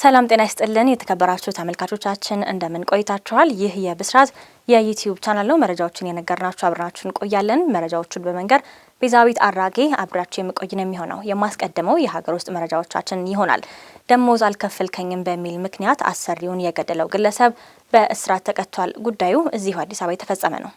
ሰላም ጤና ይስጥልን የተከበራችሁ ተመልካቾቻችን እንደምን ቆይታችኋል? ይህ የብስራት የዩቲዩብ ቻናል ነው። መረጃዎችን የነገርናችሁ አብረናችሁ እንቆያለን። መረጃዎቹን በመንገር ቤዛዊት አራጌ አብራችሁ የምቆይ ነው የሚሆነው። የማስቀድመው የሀገር ውስጥ መረጃዎቻችን ይሆናል። ደሞዝ አልከፈልከኝም በሚል ምክንያት አሰሪውን የገደለው ግለሰብ በእስራት ተቀጥቷል። ጉዳዩ እዚሁ አዲስ አበባ የተፈጸመ ነው።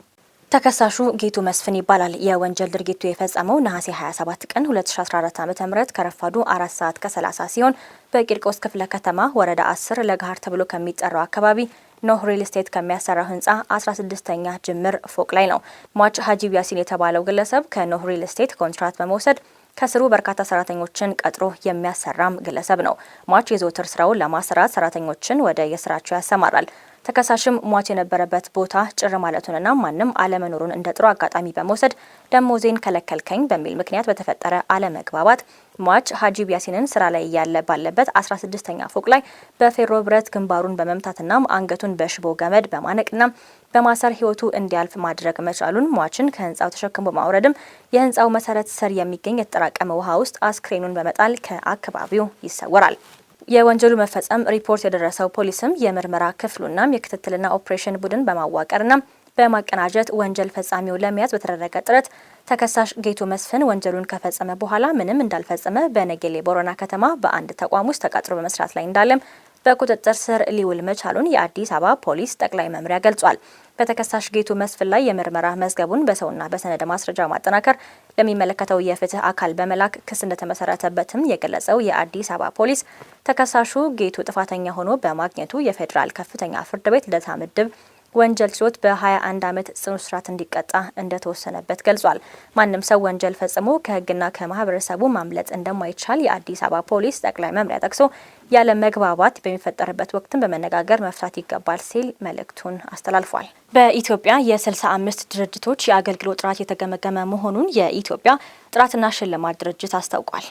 ተከሳሹ ጌቱ መስፍን ይባላል። የወንጀል ድርጊቱ የፈጸመው ነሐሴ 27 ቀን 2014 ዓ ም ከረፋዱ 4 ሰዓት ከ30 ሲሆን በቂርቆስ ክፍለ ከተማ ወረዳ 10 ለገሃር ተብሎ ከሚጠራው አካባቢ ኖህ ሪል ስቴት ከሚያሰራው ህንፃ 16ኛ ጅምር ፎቅ ላይ ነው። ሟች ሀጂብ ያሲን የተባለው ግለሰብ ከኖህ ሪል ስቴት ኮንትራት በመውሰድ ከስሩ በርካታ ሰራተኞችን ቀጥሮ የሚያሰራም ግለሰብ ነው። ሟች የዘወትር ስራውን ለማሰራት ሰራተኞችን ወደ የስራቸው ያሰማራል። ተከሳሽም ሟች የነበረበት ቦታ ጭር ማለቱንና ማንም አለመኖሩን እንደ ጥሩ አጋጣሚ በመውሰድ ደሞዜን ከለከልከኝ በሚል ምክንያት በተፈጠረ አለመግባባት ሟች ሀጂብ ያሲንን ስራ ላይ እያለ ባለበት 16ኛ ፎቅ ላይ በፌሮ ብረት ግንባሩን በመምታትና አንገቱን በሽቦ ገመድ በማነቅና በማሰር ህይወቱ እንዲያልፍ ማድረግ መቻሉን ሟችን ከህንፃው ተሸክሞ በማውረድም የህንፃው መሰረት ስር የሚገኝ የተጠራቀመ ውሃ ውስጥ አስክሬኑን በመጣል ከአካባቢው ይሰወራል። የወንጀሉ መፈጸም ሪፖርት የደረሰው ፖሊስም የምርመራ ክፍሉና የክትትልና ኦፕሬሽን ቡድን በማዋቀርና በማቀናጀት ወንጀል ፈጻሚውን ለመያዝ በተደረገ ጥረት ተከሳሽ ጌቱ መስፍን ወንጀሉን ከፈጸመ በኋላ ምንም እንዳልፈጸመ በነጌሌ ቦረና ከተማ በአንድ ተቋም ውስጥ ተቀጥሮ በመስራት ላይ እንዳለም በቁጥጥር ስር ሊውል መቻሉን የአዲስ አበባ ፖሊስ ጠቅላይ መምሪያ ገልጿል። በተከሳሽ ጌቱ መስፍን ላይ የምርመራ መዝገቡን በሰውና በሰነድ ማስረጃ ማጠናከር ለሚመለከተው የፍትህ አካል በመላክ ክስ እንደተመሰረተበትም የገለጸው የአዲስ አበባ ፖሊስ ተከሳሹ ጌቱ ጥፋተኛ ሆኖ በማግኘቱ የፌዴራል ከፍተኛ ፍርድ ቤት ልደታ ምድብ ወንጀል ችሎት በ21 ዓመት ጽኑ እስራት እንዲቀጣ እንደተወሰነበት ገልጿል። ማንም ሰው ወንጀል ፈጽሞ ከህግና ከማህበረሰቡ ማምለጥ እንደማይቻል የአዲስ አበባ ፖሊስ ጠቅላይ መምሪያ ጠቅሶ ያለ መግባባት በሚፈጠርበት ወቅትም በመነጋገር መፍታት ይገባል ሲል መልእክቱን አስተላልፏል። በኢትዮጵያ የ65 ድርጅቶች የአገልግሎት ጥራት የተገመገመ መሆኑን የኢትዮጵያ ጥራትና ሽልማት ድርጅት አስታውቋል።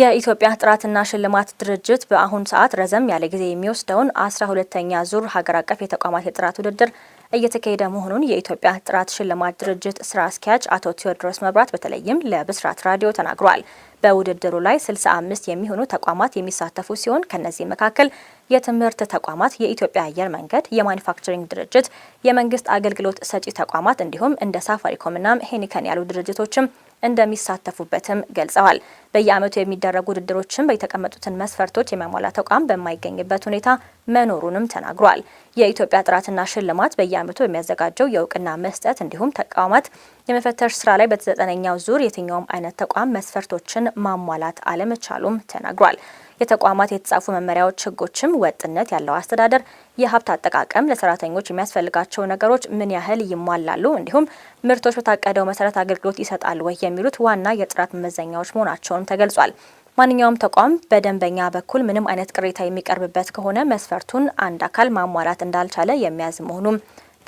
የኢትዮጵያ ጥራትና ሽልማት ድርጅት በአሁን ሰዓት ረዘም ያለ ጊዜ የሚወስደውን አስራ ሁለተኛ ዙር ሀገር አቀፍ የተቋማት የጥራት ውድድር እየተካሄደ መሆኑን የኢትዮጵያ ጥራት ሽልማት ድርጅት ስራ አስኪያጅ አቶ ቴዎድሮስ መብራት በተለይም ለብስራት ራዲዮ ተናግሯል። በውድድሩ ላይ 65 የሚሆኑ ተቋማት የሚሳተፉ ሲሆን ከነዚህ መካከል የትምህርት ተቋማት፣ የኢትዮጵያ አየር መንገድ፣ የማኒፋክቸሪንግ ድርጅት፣ የመንግስት አገልግሎት ሰጪ ተቋማት እንዲሁም እንደ ሳፋሪኮምና ሄኒከን ያሉ ድርጅቶችም እንደሚሳተፉበትም ገልጸዋል። በየአመቱ የሚደረጉ ውድድሮችን የተቀመጡትን መስፈርቶች የሚያሟላ ተቋም በማይገኝበት ሁኔታ መኖሩንም ተናግሯል። የኢትዮጵያ ጥራትና ሽልማት በየዓመቱ የሚያዘጋጀው የእውቅና መስጠት እንዲሁም ተቋማት የመፈተሽ ስራ ላይ በተዘጠነኛው ዙር የትኛውም አይነት ተቋም መስፈርቶችን ማሟላት አለመቻሉም ተናግሯል። የተቋማት የተጻፉ መመሪያዎች፣ ህጎችም ወጥነት ያለው አስተዳደር፣ የሀብት አጠቃቀም፣ ለሰራተኞች የሚያስፈልጋቸው ነገሮች ምን ያህል ይሟላሉ፣ እንዲሁም ምርቶች በታቀደው መሰረት አገልግሎት ይሰጣሉ ወይ የሚሉት ዋና የጥራት መመዘኛዎች መሆናቸውም ተገልጿል። ማንኛውም ተቋም በደንበኛ በኩል ምንም አይነት ቅሬታ የሚቀርብበት ከሆነ መስፈርቱን አንድ አካል ማሟላት እንዳልቻለ የሚያዝ መሆኑም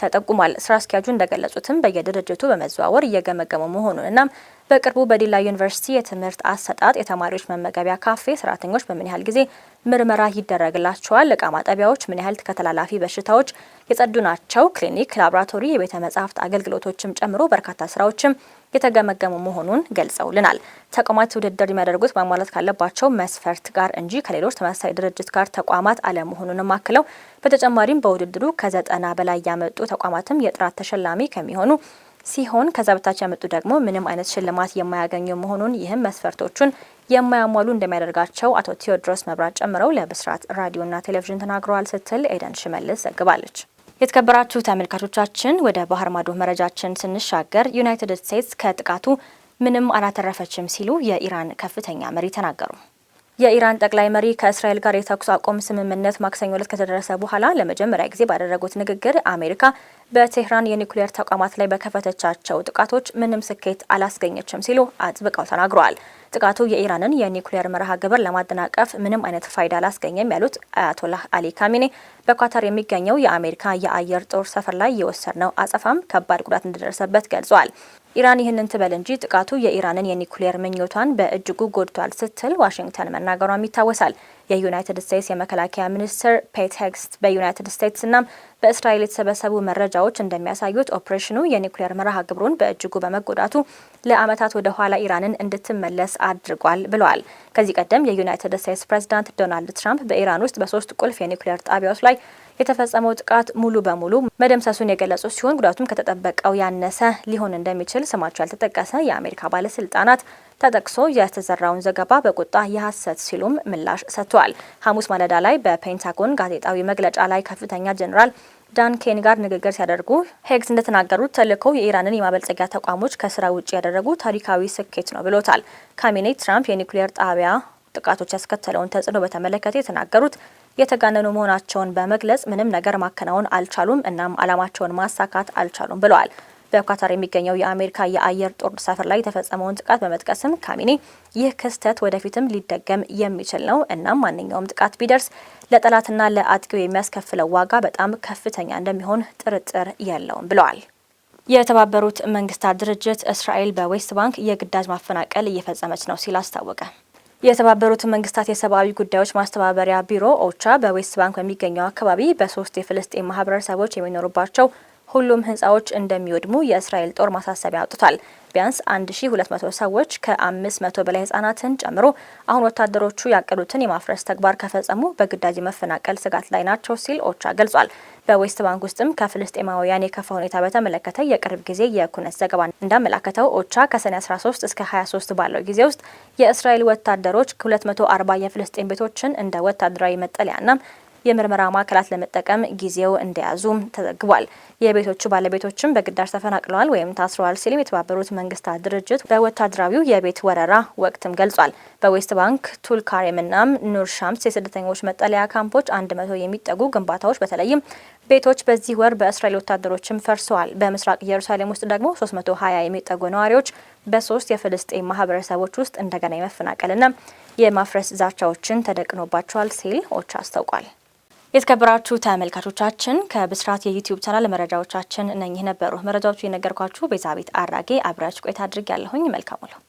ተጠቁሟል። ስራ አስኪያጁ እንደገለጹትም በየድርጅቱ በመዘዋወር እየገመገሙ መሆኑን በቅርቡ በዲላ ዩኒቨርሲቲ የትምህርት አሰጣጥ የተማሪዎች መመገቢያ ካፌ ሰራተኞች በምን ያህል ጊዜ ምርመራ ይደረግላቸዋል፣ እቃ ማጠቢያዎች ምን ያህል ከተላላፊ በሽታዎች የጸዱ ናቸው፣ ክሊኒክ፣ ላቦራቶሪ፣ የቤተ መጻሕፍት አገልግሎቶችም ጨምሮ በርካታ ስራዎችም የተገመገሙ መሆኑን ገልጸውልናል። ተቋማት ውድድር የሚያደርጉት ማሟላት ካለባቸው መስፈርት ጋር እንጂ ከሌሎች ተመሳሳይ ድርጅት ጋር ተቋማት አለመሆኑንም አክለው በተጨማሪም በውድድሩ ከዘጠና በላይ ያመጡ ተቋማትም የጥራት ተሸላሚ ከሚሆኑ ሲሆን ከዛ በታች ያመጡ ደግሞ ምንም አይነት ሽልማት የማያገኙ መሆኑን ይህም መስፈርቶቹን የማያሟሉ እንደሚያደርጋቸው አቶ ቴዎድሮስ መብራት ጨምረው ለብስራት ራዲዮና ቴሌቪዥን ተናግረዋል ስትል ኤደን ሽመልስ ዘግባለች። የተከበራችሁ ተመልካቾቻችን ወደ ባህር ማዶ መረጃችን ስንሻገር ዩናይትድ ስቴትስ ከጥቃቱ ምንም አላተረፈችም ሲሉ የኢራን ከፍተኛ መሪ ተናገሩ። የኢራን ጠቅላይ መሪ ከእስራኤል ጋር የተኩስ አቁም ስምምነት ማክሰኞ ዕለት ከተደረሰ በኋላ ለመጀመሪያ ጊዜ ባደረጉት ንግግር አሜሪካ በቴህራን የኒውክሌር ተቋማት ላይ በከፈተቻቸው ጥቃቶች ምንም ስኬት አላስገኘችም ሲሉ አጥብቀው ተናግረዋል። ጥቃቱ የኢራንን የኒውክሌር መርሃ ግብር ለማደናቀፍ ምንም አይነት ፋይዳ አላስገኘም ያሉት አያቶላህ አሊ ካሚኔ በኳታር የሚገኘው የአሜሪካ የአየር ጦር ሰፈር ላይ የወሰድነው አጸፋም ከባድ ጉዳት እንደደረሰበት ገልጿል። ኢራን ይህንን ትበል እንጂ ጥቃቱ የኢራንን የኒውክሌር ምኞቷን በእጅጉ ጎድቷል ስትል ዋሽንግተን መናገሯም ይታወሳል። የዩናይትድ ስቴትስ የመከላከያ ሚኒስትር ፔት ሄግስት በዩናይትድ ስቴትስና በእስራኤል የተሰበሰቡ መረጃዎች እንደሚያሳዩት ኦፕሬሽኑ የኒውክሌር መርሃ ግብሩን በእጅጉ በመጎዳቱ ለአመታት ወደ ኋላ ኢራንን እንድትመለስ አድርጓል ብለዋል። ከዚህ ቀደም የዩናይትድ ስቴትስ ፕሬዚዳንት ዶናልድ ትራምፕ በኢራን ውስጥ በሶስት ቁልፍ የኒውክሌር ጣቢያዎች ላይ የተፈጸመው ጥቃት ሙሉ በሙሉ መደምሰሱን የገለጹ ሲሆን ጉዳቱም ከተጠበቀው ያነሰ ሊሆን እንደሚችል ስማቸው ያልተጠቀሰ የአሜሪካ ባለስልጣናት ተጠቅሶ የተዘራውን ዘገባ በቁጣ የሐሰት ሲሉም ምላሽ ሰጥተዋል። ሐሙስ ማለዳ ላይ በፔንታጎን ጋዜጣዊ መግለጫ ላይ ከፍተኛ ጀኔራል ዳን ኬን ጋር ንግግር ሲያደርጉ ሄግስ እንደተናገሩት ተልዕኮው የኢራንን የማበልጸጊያ ተቋሞች ከስራ ውጭ ያደረጉ ታሪካዊ ስኬት ነው ብሎታል። ካሚኔ ትራምፕ የኒውክሌር ጣቢያ ጥቃቶች ያስከተለውን ተጽዕኖ በተመለከተ የተናገሩት የተጋነኑ መሆናቸውን በመግለጽ ምንም ነገር ማከናወን አልቻሉም፣ እናም አላማቸውን ማሳካት አልቻሉም ብለዋል። በኳታር የሚገኘው የአሜሪካ የአየር ጦር ሰፈር ላይ የተፈጸመውን ጥቃት በመጥቀስም ካሚኔ ይህ ክስተት ወደፊትም ሊደገም የሚችል ነው እናም ማንኛውም ጥቃት ቢደርስ ለጠላትና ለአጥቂው የሚያስከፍለው ዋጋ በጣም ከፍተኛ እንደሚሆን ጥርጥር የለውም ብለዋል። የተባበሩት መንግስታት ድርጅት እስራኤል በዌስት ባንክ የግዳጅ ማፈናቀል እየፈጸመች ነው ሲል አስታወቀ። የተባበሩት መንግስታት የሰብአዊ ጉዳዮች ማስተባበሪያ ቢሮ ኦቻ በዌስት ባንክ በሚገኘው አካባቢ በሶስት የፍልስጤን ማህበረሰቦች የሚኖሩባቸው ሁሉም ህንፃዎች እንደሚወድሙ የእስራኤል ጦር ማሳሰቢያ አውጥቷል። ቢያንስ 1200 ሰዎች ከ500 በላይ ህጻናትን ጨምሮ አሁን ወታደሮቹ ያቀዱትን የማፍረስ ተግባር ከፈጸሙ በግዳጅ መፈናቀል ስጋት ላይ ናቸው ሲል ኦቻ ገልጿል። በዌስት ባንክ ውስጥም ከፍልስጤማውያን የከፋ ሁኔታ በተመለከተ የቅርብ ጊዜ የኩነት ዘገባ እንዳመላከተው ኦቻ ከሰኔ 13 እስከ 23 ባለው ጊዜ ውስጥ የእስራኤል ወታደሮች 240 የፍልስጤም ቤቶችን እንደ ወታደራዊ መጠለያና የምርመራ ማዕከላት ለመጠቀም ጊዜው እንደያዙ ተዘግቧል። የቤቶቹ ባለቤቶችም በግዳጅ ተፈናቅለዋል ወይም ታስረዋል ሲልም የተባበሩት መንግስታት ድርጅት በወታደራዊው የቤት ወረራ ወቅትም ገልጿል። በዌስት ባንክ ቱልካሬምናም ኑር ሻምስ የስደተኞች መጠለያ ካምፖች አንድ መቶ የሚጠጉ ግንባታዎች በተለይም ቤቶች በዚህ ወር በእስራኤል ወታደሮችም ፈርሰዋል። በምስራቅ ኢየሩሳሌም ውስጥ ደግሞ 320 የሚጠጉ ነዋሪዎች በሶስት የፍልስጤም ማህበረሰቦች ውስጥ እንደገና የመፈናቀልና የማፍረስ ዛቻዎችን ተደቅኖባቸዋል ሲል ኦቻ አስታውቋል። የተከበራችሁ ተመልካቾቻችን ከብስራት የዩቲዩብ ቻናል መረጃዎቻችን እነኚህ ነበሩ። መረጃዎቹ የነገርኳችሁ ቤዛቤት አራጌ አብራች ቆይታ አድርግ ያለሁኝ መልካሙ ነው።